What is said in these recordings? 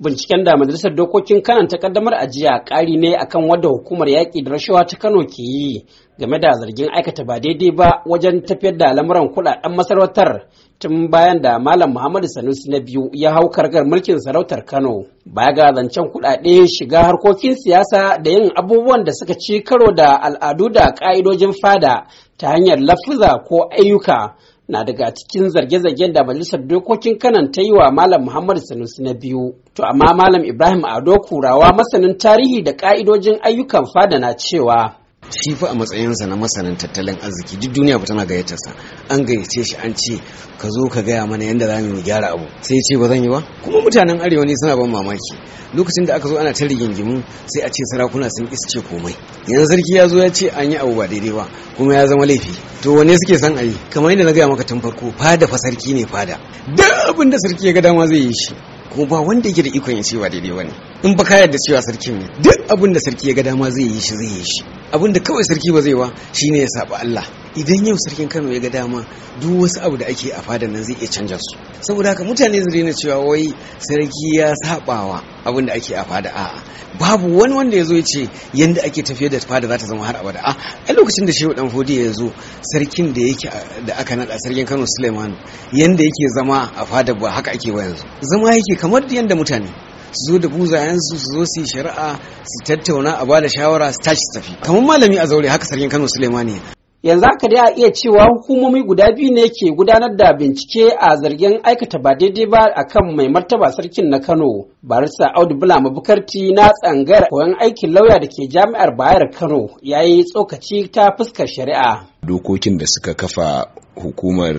Binciken da Majalisar Dokokin Kanan ta kaddamar ajiya ƙari ne akan wadda hukumar yaƙi da rashawa ta Kano ke yi game da zargin aikata ba daidai ba wajen tafiyar da lamuran kuɗaɗen masarautar tun bayan da Malam Muhammadu Sanusi na biyu ya hau kargar mulkin sarautar Kano. Baya ga zancen kuɗaɗe shiga harkokin siyasa da yin abubuwan da suka ci karo da al'adu da ƙa'idojin fada ta hanyar lafuza ko ayyuka na daga cikin zarge-zargen da majalisar dokokin kanan ta yi wa malam Muhammadu sanusi na biyu to amma malam ibrahim ado kurawa masanin tarihi da ka'idojin ayyukan fada na cewa shi fa a matsayinsa na masanin tattalin arziki duk duniya ba tana gayyatarsa an gayyace shi an ce ka zo ka gaya mana yadda za mu gyara abu sai ce ba zan yi ba kuma mutanen arewa ne suna ban mamaki lokacin da aka zo ana ta rigingimu sai a ce sarakuna sun iske komai yanzu sarki ya zo ya ce an yi abu ba daidai ba kuma ya zama laifi to wanne suke son a yi kamar yadda na gaya maka tun farko fada fa sarki ne fada duk abin da sarki ya ga dama zai yi shi ko ba wanda yake da ikon ya ce ba daidai ba ne in ba ka yarda cewa sarkin ne duk abin da sarki ya ga dama zai yi shi zai yi shi abinda kawai sarki ba zai wa ne ya saba Allah idan yau sarkin kano ya ga dama duk wasu abu da ake a fadar nan zai iya canja su saboda haka mutane su daina cewa wai sarki ya sabawa abin da ake a fada a'a babu wani wanda ya zo ya ce yanda ake tafiyar da fada za ta zama har abada a lokacin da shehu dan fodi ya zo sarkin da yake da aka nada sarkin kano suleiman yanda yake zama a fada ba haka ake ba yanzu zama yake kamar yadda mutane su zo da buzayensu su zo su yi shari'a su tattauna a bada shawara su tashi su tafi kamar malami a zaure haka sarkin kano ne yanzu haka dai a iya cewa hukumomi guda biyu ne ke gudanar da bincike a zargin aikata ba daidai ba akan mai martaba sarkin na kano barista audu bula mabukarti na tsangar koyon aikin lauya da ke jami'ar bayar kano ya yi tsokaci ta fuskar shari'a dokokin da suka kafa hukumar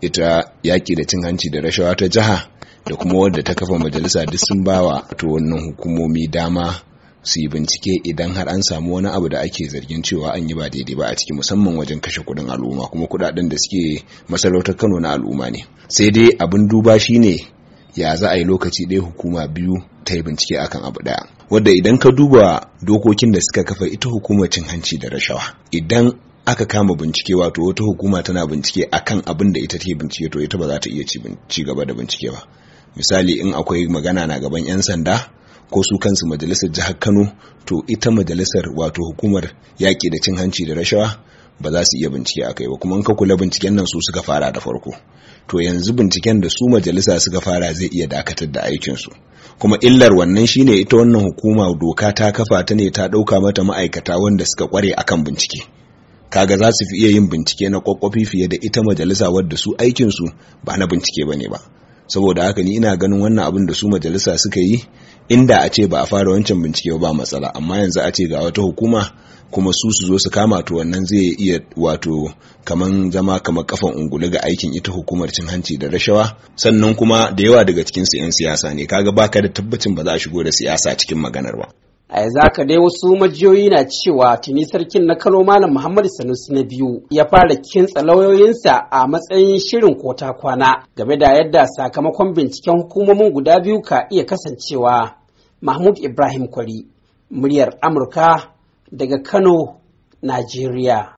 ita yaƙi da cin hanci da rashawa ta jiha da kuma wadda ta kafa majalisa duk sun bawa to wannan hukumomi dama su yi bincike idan har an samu wani abu da ake zargin cewa an yi ba daidai ba a ciki musamman wajen kashe kuɗin al'umma kuma kuɗaɗen da suke masarautar kano na al'umma ne sai dai abin duba shine ya za a yi lokaci ɗaya hukuma biyu ta yi bincike akan abu ɗaya wadda idan ka duba dokokin da suka kafa ita hukumar cin hanci da rashawa idan aka kama bincike wato wata hukuma tana bincike akan abin da ita take bincike to ita ba za ta iya ci gaba da bincike ba misali in akwai magana na gaban 'yan sanda ko su kansu majalisar jihar kano to ita majalisar wato hukumar yaƙi da cin hanci da rashawa ba za su iya bincike a kai ba kuma in ka kula binciken nan su suka fara da farko to yanzu binciken da su majalisa suka fara zai iya dakatar da aikinsu kuma illar wannan shine ita wannan hukuma doka ta kafa ta ne ta ɗauka mata ma'aikata wanda suka kware akan bincike kaga za su fi iya yin bincike na ƙwaƙwafi fiye da ita majalisa wadda su aikinsu ba na bincike ba ne ba saboda haka ni ina ganin wannan abin da su majalisa suka yi inda a ce ba a fara wancan bincike ba matsala amma yanzu a ce ga wata hukuma kuma su su zo su kama to wannan zai iya wato kaman zama kamar kafan ungulu ga aikin ita hukumar cin hanci da rashawa sannan kuma da yawa daga cikin su 'yan siyasa ne kaga ba ka da tabbacin ba za a shigo da siyasa cikin maganar ba a yanzu haka dai wasu majiyoyi na cewa tuni sarkin na kano malam muhammadu sanusi na biyu ya fara kintsa lauyoyinsa a matsayin shirin kota kwana game da yadda sakamakon binciken hukumomin guda biyu ka iya kasancewa mahmud ibrahim kwari muryar amurka daga kano najeriya